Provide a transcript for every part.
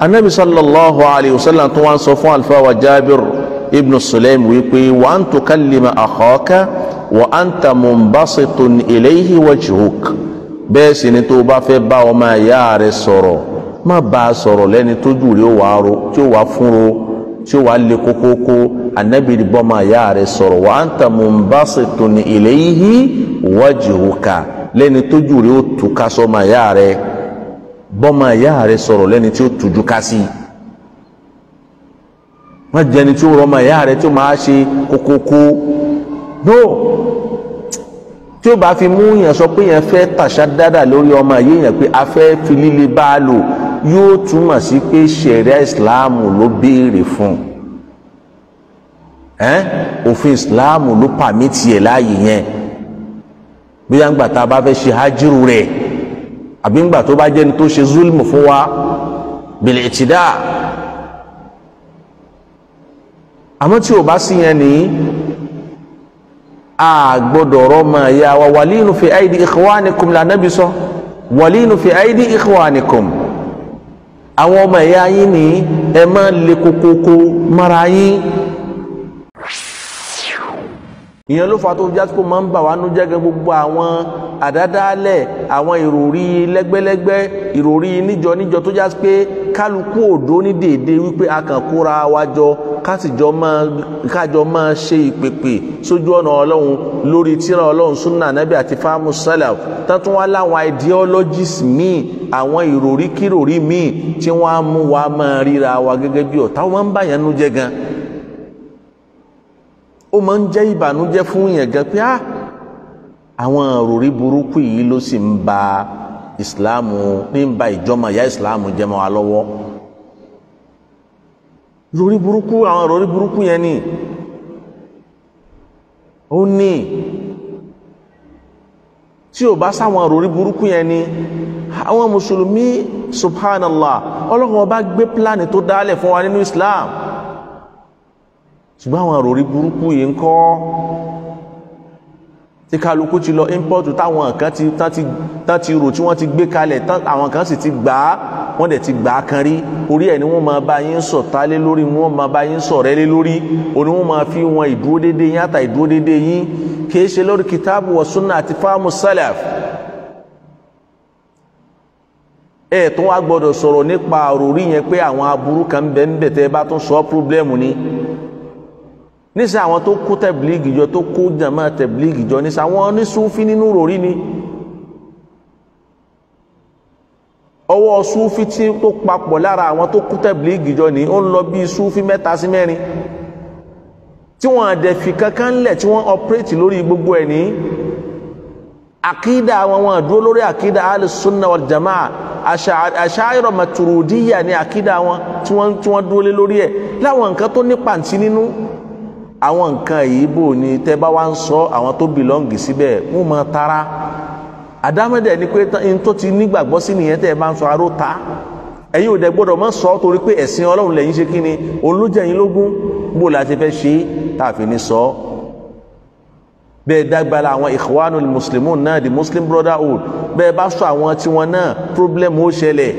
anabi sallallahu alayhi wa sallam tó wá ń sọ fún alfawa jabir ibn sulaim wípé wa an tukallima akhaka wa anta munbasitun ilayhi wajhuk bẹ́ẹ̀ sì ni tó o bá fẹ́ bá ọmọ ìyá rẹ sọ̀rọ̀ má bá a sọ̀rọ̀ lẹ́ni tójú rẹ ó wàá ro tí ó wàá fúnro tí ó wàá le kókókó anabi bọ́mọ ìyá rẹ sọ̀rọ̀ wa anta munbasitun ilayhi wajhuka lẹ́ni tójú rẹ ó tu ká sọ́mọ ìyá rẹ bọ́mọ ìyá rẹ sọ̀rọ̀ lẹ́ni tí ó tuju ká sí i má jẹni tí ó rọmọ ìyá rẹ tí ó máa ṣe kókókó no tí ó bá fi mú yẹn sọ pé yẹn fẹ́ tàṣà dáadáa lórí ọmọ yìí yẹn pé a fẹ́ fi líle bá a lò yóò túmọ̀ sí pé ṣẹ̀ríà ìsìláàmù ló béèrè fún un òfin ìsìláàmù ló pàmìtì ẹ̀ láàyè yẹn bí yàgbà tá a bá fẹ́ ṣe hájírù rẹ̀ àbí ńgbà tó bá jẹ́ ní tó ṣe zulmu fún wa bìlẹ̀ ìtìdá àmọ́ tí ò bá sí yẹn ní a gbọ́dọ̀ rọ́mọ ẹ̀yà wa walinu fi aidi ikhwanikum lànàbí sọ walinu fi aidi ikhwanikum àwọn ọmọ ẹ̀yà yín ní ẹ máa le kókókó mara yín ìyẹn ló fa tó fi jásíkò máa ń bà wá nú jẹ́ gan gbogbo àwọn àdádálẹ̀ àwọn ìròrí lẹ́gbẹ́lẹ́gbẹ́ ìròrí níjọ níjọ tó jásí pé kálukú òdo ní dèédé wípé a kàn kóra wa jọ kásìjọ máa kájọ máa ṣe ìpèpè sójú ọ̀nà ọlọ́run lórí tíra ọlọ́run súnà nábì àti fáàmù sálàf tuntun wá láwọn ideologies míì àwọn ìròrí kíròrí míì tí wọ́n á mú wa máa ríra wa gẹ́gẹ́ bí ọ̀tá wọn máa ń bàyàn gan-an ó máa ń jẹ́ ìbànújẹ́ fún yẹn gan pé ah àwọn òròrí burúkú yìí ló sì ń ba ìsìláàmù ní ń ba ìjọmọ ìyá ìsìláàmù jẹmọ wa lọ́wọ́ lórí burúkú àwọn òròrí burúkú yẹn ni ó ní tí ò bá sáwọn òròrí burúkú yẹn ni àwọn mùsùlùmí subhanallah ọlọ́run ọba gbé pílánì tó dálẹ̀ fún wa nínú islam ṣùgbọ́n àwọn àròrí burúkú yìí ń kọ́ tí kálukú ti lọ import táwọn kan ti tán ti rò tí wọ́n ti gbé kalẹ̀ tán àwọn kan sì ti gbà á wọ́n dẹ̀ ti gbà á kan rí orí ẹ̀ ni wọ́n máa bá yín sọ̀tá lé lórí wọ́n máa bá yín sọ̀rẹ́ lé lórí òní wọ́n máa fi wọn ìdúró dédé yín àtà ìdúró dédé yín kìí ṣe lórí kìtáàbù wa sunna àti fáàmù salaf ẹ tó wá gbọ́dọ̀ sọ̀rọ̀ nípa àròrí yẹn pé àwọn aburú kan bẹ́ẹ̀ ń bẹ̀ tẹ́ bá tún sọ pírọ́blẹ́mù ni níṣẹ́ àwọn tó kó tẹ̀blíìgì jọ tó kó jàmá tẹ̀blíìgì jọ níṣẹ́ àwọn oníṣúfí nínú ròrí ni ọwọ́ súfí tí tó papọ̀ lára àwọn tó kó tẹ̀blíìgì jọ ní ó ń lọ bíi súfí mẹ́ta sí mẹ́rin tí wọ́n àdẹ̀fì kankan lẹ̀ tí wọ́n ọpẹ́rẹ́tì lórí gbogbo ẹ̀ ní àkídà àwọn wọn àdúró lórí àkídà alìsúnà wal jamaa àṣàyọ̀rọ̀ màtúrùdíyà ní àkídà wọn tí wọ́n dúró lé lórí ẹ̀ láwọn nǹkan tó ní pàǹtí nínú àwọn nǹkan yìí bò ní tẹ́ bá wá ń sọ àwọn tó bìlọ́ǹgì síbẹ̀ wọ́n máa tara àdámẹ́dẹ̀ ni pé n tó ti nígbàgbọ́ sí nìyẹn tẹ́ ẹ bá ń sọ aró ta ẹ̀yin ò dẹ̀ gbọ́dọ̀ má sọ torí pé ẹ̀sìn ọlọ́run lẹ́yìn ṣe kí ni òun lógún bó la ti fẹ́ ṣe tá a fi ní sọ bẹ́ẹ̀ dágbàlá àwọn ikhwanul muslimun náà the muslim brotherhood bẹ́ẹ̀ bá sọ àwọn tiwọn náà problem ó ṣẹlẹ̀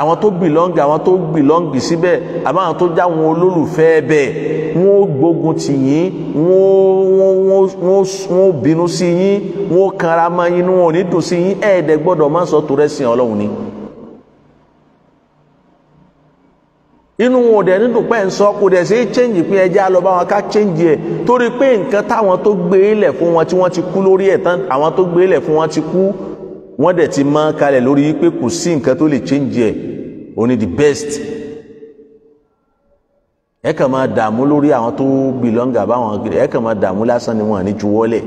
àwọn tó bìlọ́ǹgì àwọn tó bìlọ́ǹgì síbẹ̀ àbá àwọn tó já wọn olólùfẹ́ ẹbẹ̀ wọn ó gbógun tì yín wọn ó bínú sí yín wọn ó kanra mọ́ yín wọn ò ní dùn sí yín ẹ̀ẹ́dẹ̀ gbọ́dọ̀ má sọ tó rẹ́sìn ọlọ́run ni. inú wọn ò dẹ̀ nínú pẹ́ ń sọ kò dẹ̀ sí change pé ẹjẹ́ á lọ bá wọn ká change ẹ̀ torí pé nǹkan táwọn tó gbé lẹ̀ fún wọn tí wọ́n ti kú lórí ẹ̀ tán àwọn tó gbé lẹ̀ fún wọn ti kú wọ́n dẹ̀ ti máa kalẹ̀ lórí wípé kò sí nǹkan tó lè change ẹ̀ ó ní the best ẹ kàn máa dààmú lórí àwọn tó belong àbáwọn ẹ kàn máa dààmú lásán ni wọn àní ju wọ́lẹ̀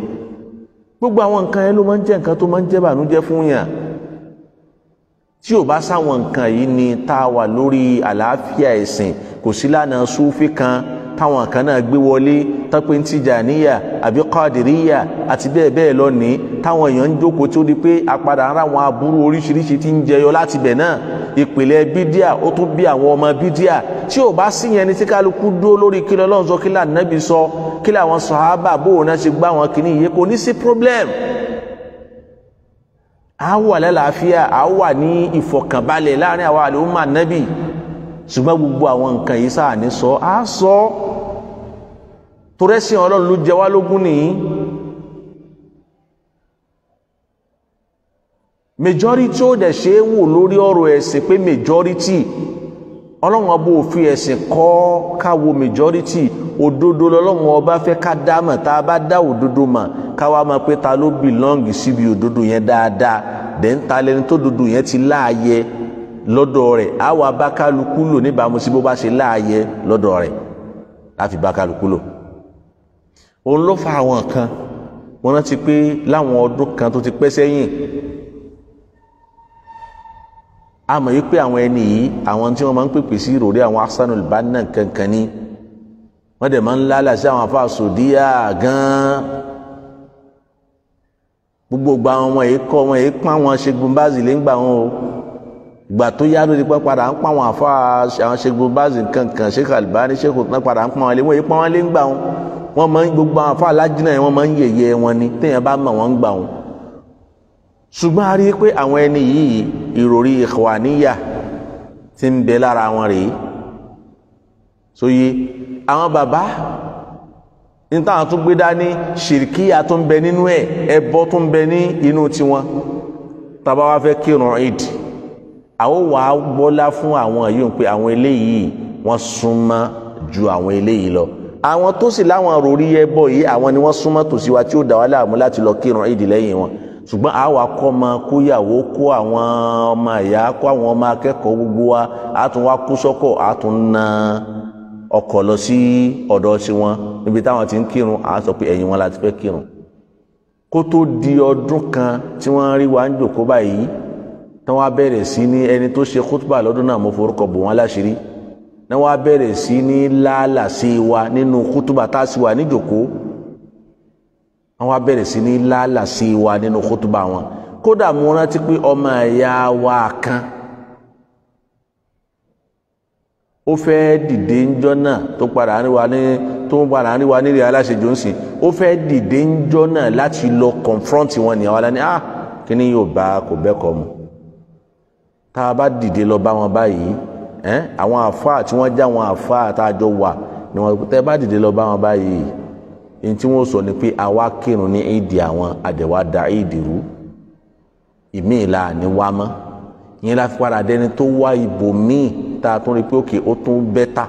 gbogbo àwọn nǹkan yẹn ló máa ń jẹ́ nǹkan tó máa ń jẹ́ bànújẹ́ fún yàn tí ò bá sáwọn nǹkan yìí ni tá a wà lórí àlàáfíà ẹ̀sìn kò sí lánàá súfì kan táwọn kan náà gbé wọlé tọ́pẹ́ Tìjàníyà àbí Kádìríyà àti bẹ́ẹ̀ bẹ́ẹ̀ lọ ní táwọn èèyàn ń jókòó tó di pé apadà ara àwọn aburú oríṣiríṣi ti ń jẹyọ láti bẹ̀ náà ìpìlẹ̀ bídíà ó tún bí àwọn ọmọ bídíà tí ò bá sí yẹn ni tí kálukú dúró lórí kí lọ́lọ́run sọ kí lànàbí sọ kí làwọn sàhábà bóun náà ṣe gbá wọn kìíní yìí kò ní sí problem a wà lálàáfíà a wà ní ìfọ̀kànbalẹ̀ láàrin àwa àlùmọ̀ ànábì ṣùgbọ́n gbogbo àwọn nǹkan yìí sáà ní sọ á sọ ọ́ torẹ́sìn ọlọ́run ló jẹ lógún nìyí majority ó dẹ̀ ṣe é wò lórí ọ̀rọ̀ ẹ̀sìn pé majority ọlọ́run ọba òfin ẹ̀sìn kọ́ ká majority òdodo lọ́lọ́run ọba fẹ́ ká dá mọ̀ tá a bá dá òdodo mọ̀ ká wá mọ̀ pé ta ló belong síbi òdodo yẹn dáadáa dẹ́n ta lẹni tó dodo yẹn ti láàyè lọ́dọ̀ rẹ̀ á wà lò níbàámu sí bó bá ṣe láàyè lọ́dọ̀ rẹ̀ á fi lò òun ló fa àwọn kan wọn rántí pé láwọn ọdún kan tó ti pẹ́ sẹ́yìn a mọ̀ yí pé àwọn ẹni yìí àwọn tí wọ́n máa ń pèpè sí ìròrí àwọn asanul banna kankan ni wọ́n dẹ̀ máa ń lálà sí àwọn afa sòdíyà gan-an gbogbo gba àwọn ọmọ yìí kọ́ wọn yìí pọ́n àwọn ṣègùn báàzì lè ń gbà wọn o ìgbà tó yá lórí pọ́n padà ń pọ́n àwọn afa àwọn báàzì kankan ṣèkàlùbá ní ṣèkùn padà ń pọ́n wọn lé yìí pọ́n wọn lé ń gbà wọn wọ́n máa ń gbogbo àwọn afọ alájínà yẹn wọ́n máa ń yẹ̀yẹ́ wọn ni téèyàn bá mọ̀ wọ́n ń gbà wọn. ṣùgbọ́n a rí i pé àwọn ẹni yìí ìròrí ìhwàníyà ti ń bẹ lára wọn rèé sóye àwọn bàbá ní táwọn tún gbé dání ṣìrìkíyà tó ń bẹ nínú ẹ ẹbọ tó bẹ ní inú tiwọn tàbá wá fẹ́ kírun Eid àwọn wàá gbọ́lá fún àwọn yìí pé àwọn eléyìí wọ́n súnmọ́ ju àwọn eléyìí lọ àwọn tó sì láwọn ròrí ẹbọ yìí àwọn ni wọ́n súnmọ́ tòsí wa tí ó dà wá láàmú láti lọ kírun ìdí lẹ́yìn wọn ṣùgbọ́n àwa kọ́ ọmọ kóyàwó kó àwọn ọmọ ìyá kó àwọn ọmọ akẹ́kọ̀ọ́ gbogbo wa àtún wa kú sọ́kọ̀ àtún na ọkọ̀ lọ sí ọ̀dọ̀ sí wọn níbi táwọn ti ń kírun àá pé ẹ̀yìn wọn láti fẹ́ kírun kó tó di ọdún kan tí wọ́n rí wa ń jòkó báyìí tí wọ́n á sí ní ẹni tó ṣe kútùbà lọ́dún náà mo forúkọ bò wọ́n láṣìírí náà wá bẹ̀rẹ̀ sí ní láàlà sí wa nínú kútùbà tá a sì wà níjòkó wọ́n wá bẹ̀rẹ̀ sí ní láàlà sí wa nínú kútùbà wọn kódà mo rántí pé ọmọ ẹ̀yà wa kan ó fẹ́ dìde ńjọ́ náà tó padà ń wá ní tó padà ń wá nílé aláṣejò ń ó fẹ́ dìde ńjọ́ náà láti lọ confront wọn nìyàwó alá ní ah kí ni yóò bá kò bẹ́ẹ̀ kọ́ mu tá a bá dìde lọ bá wọn báyìí ẹ àwọn àfáà tí wọ́n já àwọn àfáà tá a jọ wà ni wọ́n tẹ́ bá dìde lọ bá wọn báyìí ní tí wọ́n sọ ni pé àwa kírun ní ìdí àwọn àdẹ̀wà da ìdí rú ìmí ìlà ní wá mọ́ ìyẹn la padà dẹni tó wá ìbò míì tá a tún rí pé òkè ó tún bẹ́tà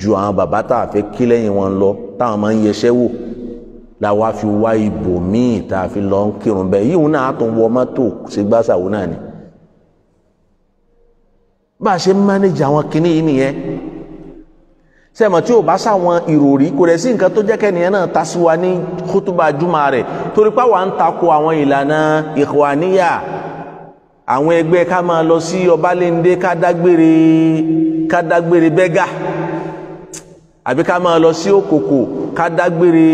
ju àwọn bàbá tá a fẹ́ kí lẹ́yìn wọn lọ táwọn máa ń yẹsẹ́ wò la fi wá ìbò míì tá a fi lọ ń kírun bẹ́ẹ̀ yíwùn náà á tún wọ mọ́tò ṣègbàsàwò náà ni bá a ṣe manage àwọn kinní yìí nìyẹn sẹ́mọ̀ tí ò bá sáwọn ìròrí kò rẹ̀ sí nǹkan tó jẹ́ kẹ́nìyàn náà ta sí wa ní kútúbà júmọ̀ rẹ̀ torí pé wà ń tako àwọn ìlànà ìhùwàníyà àwọn ẹgbẹ́ ká máa lọ sí ọbalẹ́ndé ká dágbére bẹ́gà àbí ká máa lọ sí òkòkò ká dágbére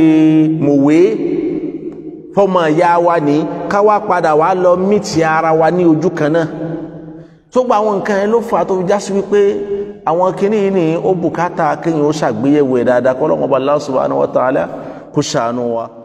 fọmọ ìyá wa ní ká wá padà wá lọ mìtì ara wa ní ojú kan náà tó gba àwọn nǹkan yẹn ló fà á tó fi já sí wípé àwọn kinní yìí ni ó bùkátà kéèyàn ó ṣàgbéyẹ̀wò ẹ̀ dáadáa kọ́ lọ́wọ́ bá Allah subhanahu kó ṣàánú wa.